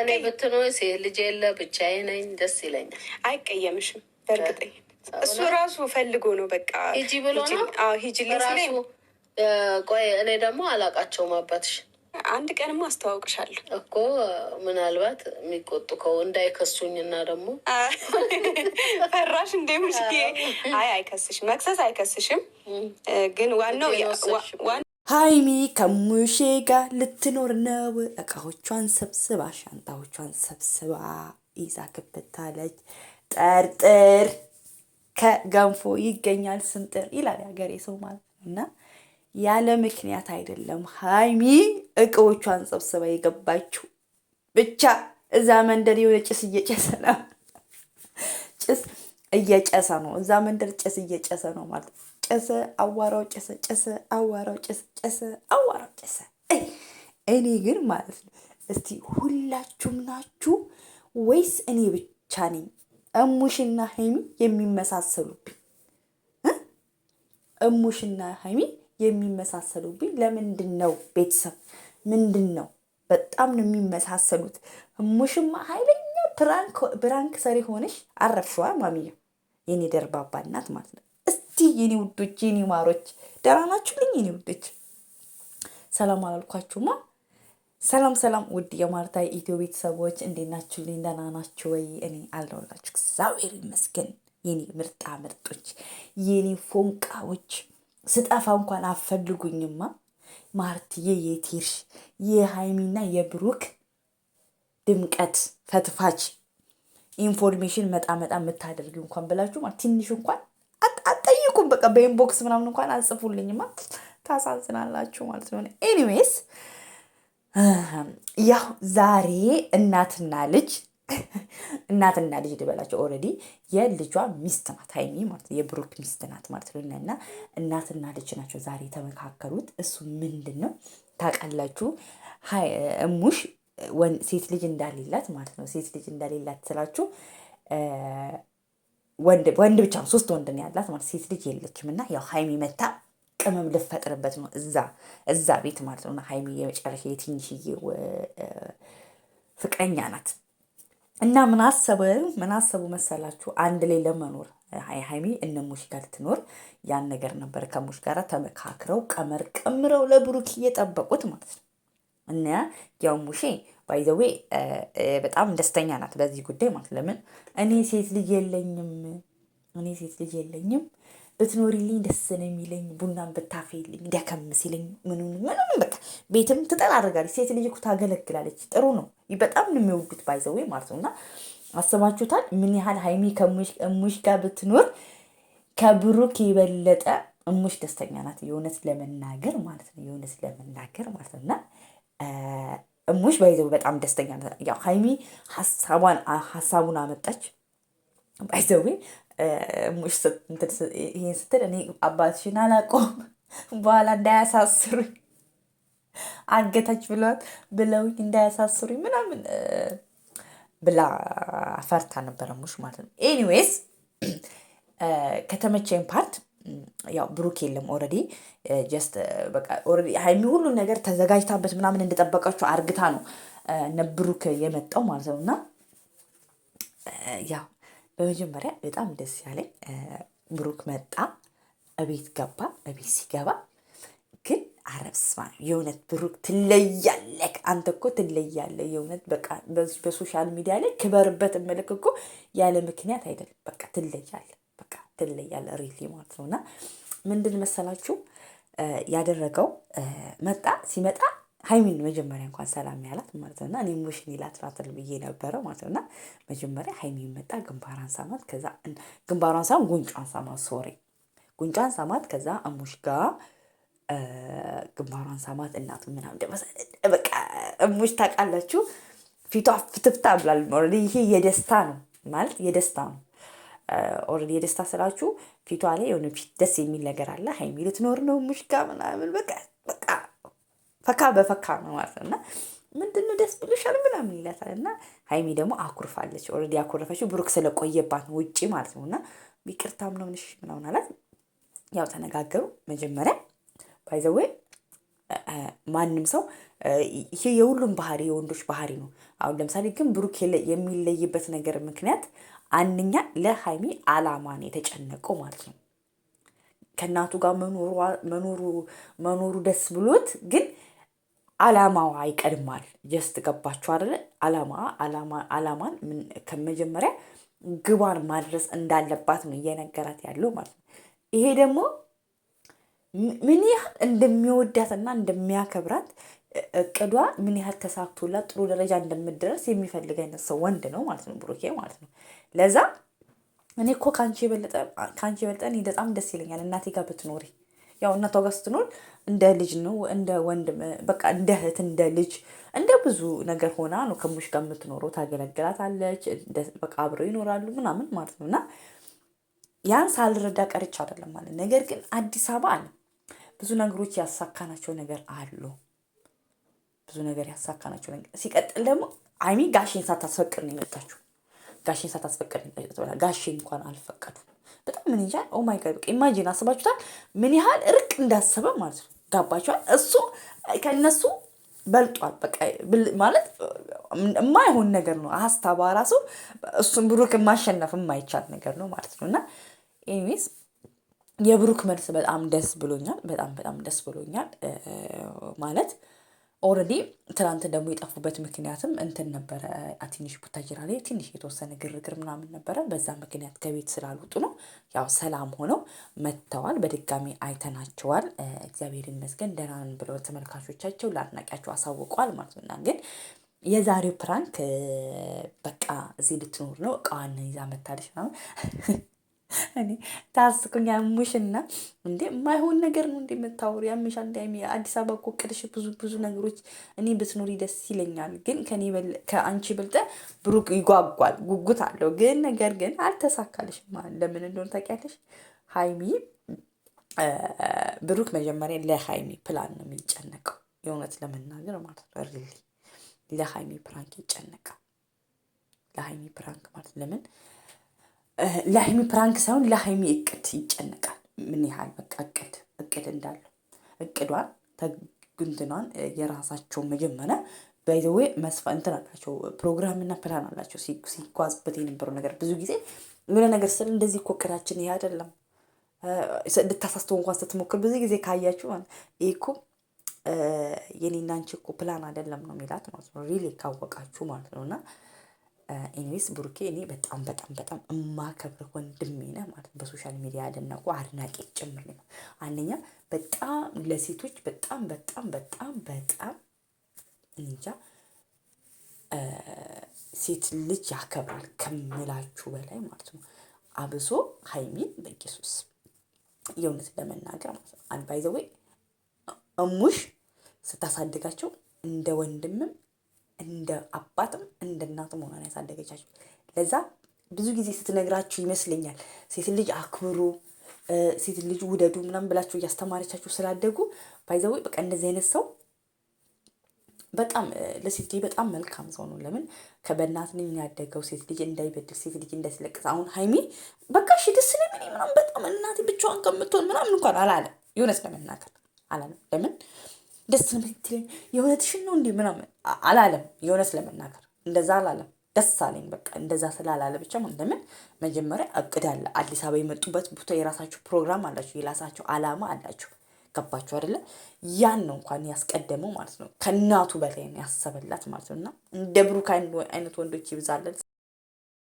እኔ ብትኖ ልጅ የለ ብቻዬ ነኝ ደስ ይለኛል። አይቀየምሽም። በእርግጠኝ እሱ ራሱ ፈልጎ ነው በቃ ሂጂ ብሎ ነው ሂጂ ራሱ። ቆይ እኔ ደግሞ አላቃቸውም አባትሽ አንድ ቀንማ አስተዋውቅሻለሁ እኮ ምናልባት የሚቆጡ ከው እንዳይከሱኝ እና ደግሞ ፈራሽ እንደምሽ። አይ አይከስሽም፣ መክሰስ አይከስሽም። ግን ዋናው ሀይሚ ከሙሼ ጋር ልትኖር ነው። እቃዎቿን ሰብስባ ሻንጣዎቿን ሰብስባ ይዛ ክብታለች። ጠርጥር ከገንፎ ይገኛል ስንጥር ይላል ያገሬ ሰው ማለት ነው። እና ያለ ምክንያት አይደለም ሀይሚ እቃዎቿን ሰብስባ የገባችው። ብቻ እዛ መንደር የሆነ ጭስ እየጨሰ ነው፣ ጭስ እየጨሰ ነው። እዛ መንደር ጭስ እየጨሰ ነው ማለት ነው። ጨሰ፣ አዋራው ጨሰ፣ ጨሰ፣ አዋራው ጨሰ፣ ጨሰ፣ አዋራው ጨሰ። እኔ ግን ማለት ነው እስቲ ሁላችሁም ናችሁ ወይስ እኔ ብቻ ነኝ? እሙሽና ሀይሚ የሚመሳሰሉብኝ እሙሽና ሀይሚ የሚመሳሰሉብኝ ለምንድን ነው? ቤተሰብ ምንድን ነው? በጣም ነው የሚመሳሰሉት። እሙሽማ ሀይለኛ ብራንክ ሰሪ ሆነሽ አረፍሸዋ ማሚዬ፣ የኔ ደርባባ እናት ማለት ነው። እስቲ የኔ ውዶች፣ የኔ ማሮች ደህና ናችሁልኝ? የኔ ውዶች ሰላም አላልኳችሁማ። ሰላም ሰላም፣ ውድ የማርታ የኢትዮ ቤተሰቦች እንዴት ናችሁልኝ? ደህና ናችሁ ወይ? እኔ አለሁላችሁ እግዚአብሔር ይመስገን። የኔ ምርጣ ምርጦች፣ የኔ ፎንቃዎች ስጠፋ እንኳን አፈልጉኝማ። ማርትዬ የቴርሽ የሃይሚና የብሩክ ድምቀት ፈትፋች ኢንፎርሜሽን መጣ መጣ የምታደርጊው እንኳን ብላችሁ ማለት ትንሽ እንኳን በቃ በኢንቦክስ ምናምን እንኳን አጽፉልኝማ ታሳዝናላችሁ ማለት ነው። ኤኒዌይስ ያው ዛሬ እናትና ልጅ እናትና ልጅ ልበላቸው ኦልሬዲ የልጇ ሚስት ናት ሀይሚ ማለት የብሩክ ሚስት ናት ማለት ነው። እና እናትና ልጅ ናቸው ዛሬ የተመካከሉት። እሱ ምንድን ነው ታውቃላችሁ? እሙሽ ሴት ልጅ እንዳሌላት ማለት ነው። ሴት ልጅ እንዳሌላት ስላችሁ ወንድ ብቻ ሶስት ወንድ ነው ያላት ማለት ሴት ልጅ የለችም። እና ያው ሀይሚ መታ ቅመም ልፈጥርበት ነው እዛ እዛ ቤት ማለት ነው። ሀይሚ የመጨረሻ የትንሽዬ ፍቅረኛ ናት። እና ምን አሰበ ምን አሰቡ መሰላችሁ? አንድ ላይ ለመኖር ሀይሚ እነሙሽ ጋር ትኖር ያን ነገር ነበር ከሙሽ ጋር ተመካክረው ቀመር ቀምረው ለብሩክ እየጠበቁት ማለት ነው። እና ያው ሙሼ ባይ ዘ ዌይ በጣም ደስተኛ ናት በዚህ ጉዳይ ማለት ለምን እኔ ሴት ልጅ የለኝም፣ እኔ ሴት ልጅ የለኝም፣ ብትኖሪልኝ ደስ ነው የሚለኝ፣ ቡናን ብታፌልኝ ደከም ሲለኝ ምንም ምንም በቃ ቤትም ትጠራርጋለች። ሴት ልጅ እኮ ታገለግላለች። ጥሩ ነው። በጣም ነው የሚወዱት ባይ ዘ ዌይ ማለት ነው። እና አስባችሁታል ምን ያህል ሀይሚ ከሙሽ ጋር ብትኖር ከብሩክ የበለጠ እሙሽ ደስተኛ ናት። የእውነት ለመናገር ማለት ነው። የእውነት ለመናገር ማለት ነው እና እሙሽ ባይዘው በጣም ደስተኛ ያው ሀይሚ ሀሳቡን አመጣች። ባይዘዌ እሙሽ ይህን ስትል እኔ አባትሽን አላውቀውም በኋላ እንዳያሳስሩ አገታች ብለዋት ብለውኝ እንዳያሳስሩ ምናምን ብላ አፈርታ ነበረ እሙሽ ማለት ነው። ኤኒዌይስ ከተመቼን ፓርት ያው ብሩክ የለም ኦልሬዲ ጀስት በቃ ኦልሬዲ ሀይሚ ሁሉን ነገር ተዘጋጅታበት ምናምን እንደጠበቀችው አርግታ ነው እነ ብሩክ የመጣው ማለት ነው። እና ያው በመጀመሪያ በጣም ደስ ያለኝ ብሩክ መጣ፣ እቤት ገባ። እቤት ሲገባ ግን አረብስማ የእውነት ብሩክ ትለያለህ። አንተ እኮ ትለያለህ የእውነት በቃ በሶሻል ሚዲያ ላይ ክበርበት እምልክ እኮ ያለ ምክንያት አይደለም። በቃ ትለያለህ። ትለያለ ሪሊ ማለት ነው። እና ምንድን መሰላችሁ ያደረገው መጣ። ሲመጣ ሀይሚን መጀመሪያ እንኳን ሰላም ያላት ማለት ነውና እኔ ሙሽን ይላት ብዬ ነበረ ማለት ነውና መጀመሪያ ሀይሚን መጣ፣ ግንባሯን ሳማት። ከዛ ግንባሯን ሳም ጉንጯን ሳማት፣ ሶሪ ጉንጯን ሳማት። ከዛ እሙሽ ጋ ግንባሯን ሳማት። እናት ምናምን ደመሰ በቃ እሙሽ ታውቃላችሁ፣ ፊቷ ፍትፍታ ብላል። ይሄ የደስታ ነው ማለት የደስታ ነው ኦልሬዲ የደስታ ስላችሁ ፊቷ ላይ የሆነ ፊት ደስ የሚል ነገር አለ። ሀይሚ ልትኖር ነው ሙሽጋ ምናምን በቃ በቃ ፈካ በፈካ ነው ማለት ነው እና ምንድነው ደስ ብሎሻል ምናምን ይላታል እና ሀይሚ ደግሞ አኩርፋለች። ኦልሬዲ ያኮረፈችው ብሩክ ስለቆየባት ነው ውጭ ማለት ነው እና ነው ምንሽ ምናምን አላት። ያው ተነጋገሩ መጀመሪያ ባይዘዌ ማንም ሰው ይሄ የሁሉም ባህሪ የወንዶች ባህሪ ነው። አሁን ለምሳሌ ግን ብሩክ የሚለይበት ነገር ምክንያት አንኛ ለሀይሚ አላማን የተጨነቀው ማለት ነው። ከእናቱ ጋር መኖሩ ደስ ብሎት ግን አላማዋ ይቀድማል። ጀስት ገባችሁ አይደለ? አላማ አላማን ከመጀመሪያ ግቧን ማድረስ እንዳለባት ነው እየነገራት ያለው ማለት ነው። ይሄ ደግሞ ምን ያህል እንደሚወዳትና እንደሚያከብራት እቅዷ ምን ያህል ተሳክቶላት ጥሩ ደረጃ እንደምደረስ የሚፈልግ አይነት ሰው ወንድ ነው ማለት ነው፣ ብሩኬ ማለት ነው። ለዛ እኔ እኮ ከአንቺ የበለጠ እኔ በጣም ደስ ይለኛል እናቴ ጋር ብትኖሪ። ያው እናቷ ጋር ስትኖር እንደ ልጅ ነው እንደ ወንድም በቃ እንደ እህት እንደ ልጅ እንደ ብዙ ነገር ሆና ነው ከሙሽ ጋር የምትኖረው። ታገለግላታለች፣ በቃ አብረው ይኖራሉ ምናምን ማለት ነው። እና ያን ሳልረዳ ቀርቻ አይደለም ማለት ነገር ግን አዲስ አበባ አለ ብዙ ነገሮች ያሳካናቸው ነገር አሉ። ብዙ ነገር ያሳካናቸው ነገር ሲቀጥል ደግሞ አይሚ ጋሽን ሳታስፈቅድ ነው የመጣችው። ጋሽን ሳታስፈቀድ ትበላል። ጋሼ እንኳን አልፈቀዱም። በጣም ምን እንጃ። ኦ ማይ ጋድ ኢማጂን አስባችሁታል፣ ምን ያህል እርቅ እንዳሰበ ማለት ነው። ጋባችኋል። እሱ ከነሱ በልጧል። በቃ ማለት የማይሆን ነገር ነው። አስታባ ራሱ እሱን ብሩክ ማሸነፍ የማይቻል ነገር ነው ማለት ነው። እና ኤኒዌይስ የብሩክ መልስ በጣም ደስ ብሎኛል። በጣም በጣም ደስ ብሎኛል ማለት ኦልሬዲ ትናንት ደግሞ የጠፉበት ምክንያትም እንትን ነበረ። ትንሽ ቡታጅራ ላይ ትንሽ የተወሰነ ግርግር ምናምን ነበረ። በዛ ምክንያት ከቤት ስላልወጡ ነው። ያው ሰላም ሆነው መጥተዋል። በድጋሚ አይተናቸዋል። እግዚአብሔር ይመስገን ደህና ነን ብለው ተመልካቾቻቸው ለአድናቂያቸው አሳውቀዋል ማለት ነው እና ግን የዛሬው ፕራንክ በቃ እዚህ ልትኖር ነው እቃዋን ይዛ መታለች ምናምን እኔ ታስቁኛሙሽና እንዴ ማይሆን ነገር ነው እንዴ የምታወሩ ያምሻ እንዲ አዲስ አበባ እኮ ቅድሽ ብዙ ብዙ ነገሮች እኔ ብትኖሪ ደስ ይለኛል፣ ግን ከአንቺ በልጠ ብሩክ ይጓጓል፣ ጉጉት አለው። ግን ነገር ግን አልተሳካልሽም። ለምን እንደሆነ ታውቂያለሽ ሀይሚ ብሩክ መጀመሪያ ለሀይሚ ፕላን ነው የሚጨነቀው። የእውነት ለመናገር ማለት ነው ለሀይሚ ፕራንክ ይጨነቃል። ለሀይሚ ፕራንክ ማለት ለምን ለሀይሚ ፕራንክ ሳይሆን ለሀይሚ እቅድ ይጨነቃል። ምን ያህል በቃ እቅድ እቅድ እንዳለው እቅዷን ተግንትኗን የራሳቸው መጀመሪያ ባይዘዌ መስፋ እንትን አላቸው ፕሮግራምና ፕላን አላቸው። ሲጓዝበት የነበረው ነገር ብዙ ጊዜ የሆነ ነገር ስል እንደዚህ እኮ እቅዳችን ይህ አይደለም እንድታሳስተው እንኳን ስትሞክር ብዙ ጊዜ ካያችሁ ይሄ እኮ የኔና አንቺ እኮ ፕላን አይደለም ነው የሚላት ማለት ነው። ሪሊ ካወቃችሁ ማለት ነው እና ኤኒዌይስ ብሩኬ እኔ በጣም በጣም በጣም እማከብር ወንድሜ ነህ ማለት በሶሻል ሚዲያ ያደነቁ አድናቂ ጭምር ነው። አንደኛ በጣም ለሴቶች በጣም በጣም በጣም በጣም እንጃ ሴት ልጅ ያከብራል ከምላችሁ በላይ ማለት ነው። አብሶ ሀይሚን በኢየሱስ የእውነት ለመናገር ማለት ነው። አንድ አንባይዘዌ እሙሽ ስታሳድጋቸው እንደ ወንድምም እንደ አባትም እንደ እናትም ሆና ያሳደገቻቸው። ለዛ ብዙ ጊዜ ስትነግራችሁ ይመስለኛል ሴት ልጅ አክብሩ፣ ሴት ልጅ ውደዱ ምናምን ብላችሁ እያስተማረቻችሁ ስላደጉ ባይዘው በቃ እንደዚህ አይነት ሰው በጣም ለሴት ልጅ በጣም መልካም ሰው ነው። ለምን ከበእናት ነው ያደገው፣ ሴት ልጅ እንዳይበድል፣ ሴት ልጅ እንዳይስለቅስ። አሁን ሀይሚ በቃ ሺ ደስ ለምን ምናምን በጣም እናቴ ብቻዋን ከምትሆን ምናምን እንኳን አላለም። የእውነት ለመናገር አላለም። ለምን ደስ ምትለኝ የእውነትሽን ነው እንዲህ ምናምን አላለም። የእውነት ለመናገር እንደዛ አላለም። ደስ አለኝ በቃ እንደዛ ስላላለ ብቻ ለምን መጀመሪያ እቅድ አለ። አዲስ አበባ የመጡበት ቦታ የራሳቸው ፕሮግራም አላቸው፣ የራሳቸው አላማ አላቸው። ገባቸው አይደለ? ያን ነው እንኳን ያስቀደመው ማለት ነው። ከእናቱ በላይ ያሰበላት ማለት ነው። እና እንደ ብሩክ አይነት ወንዶች ይብዛለን።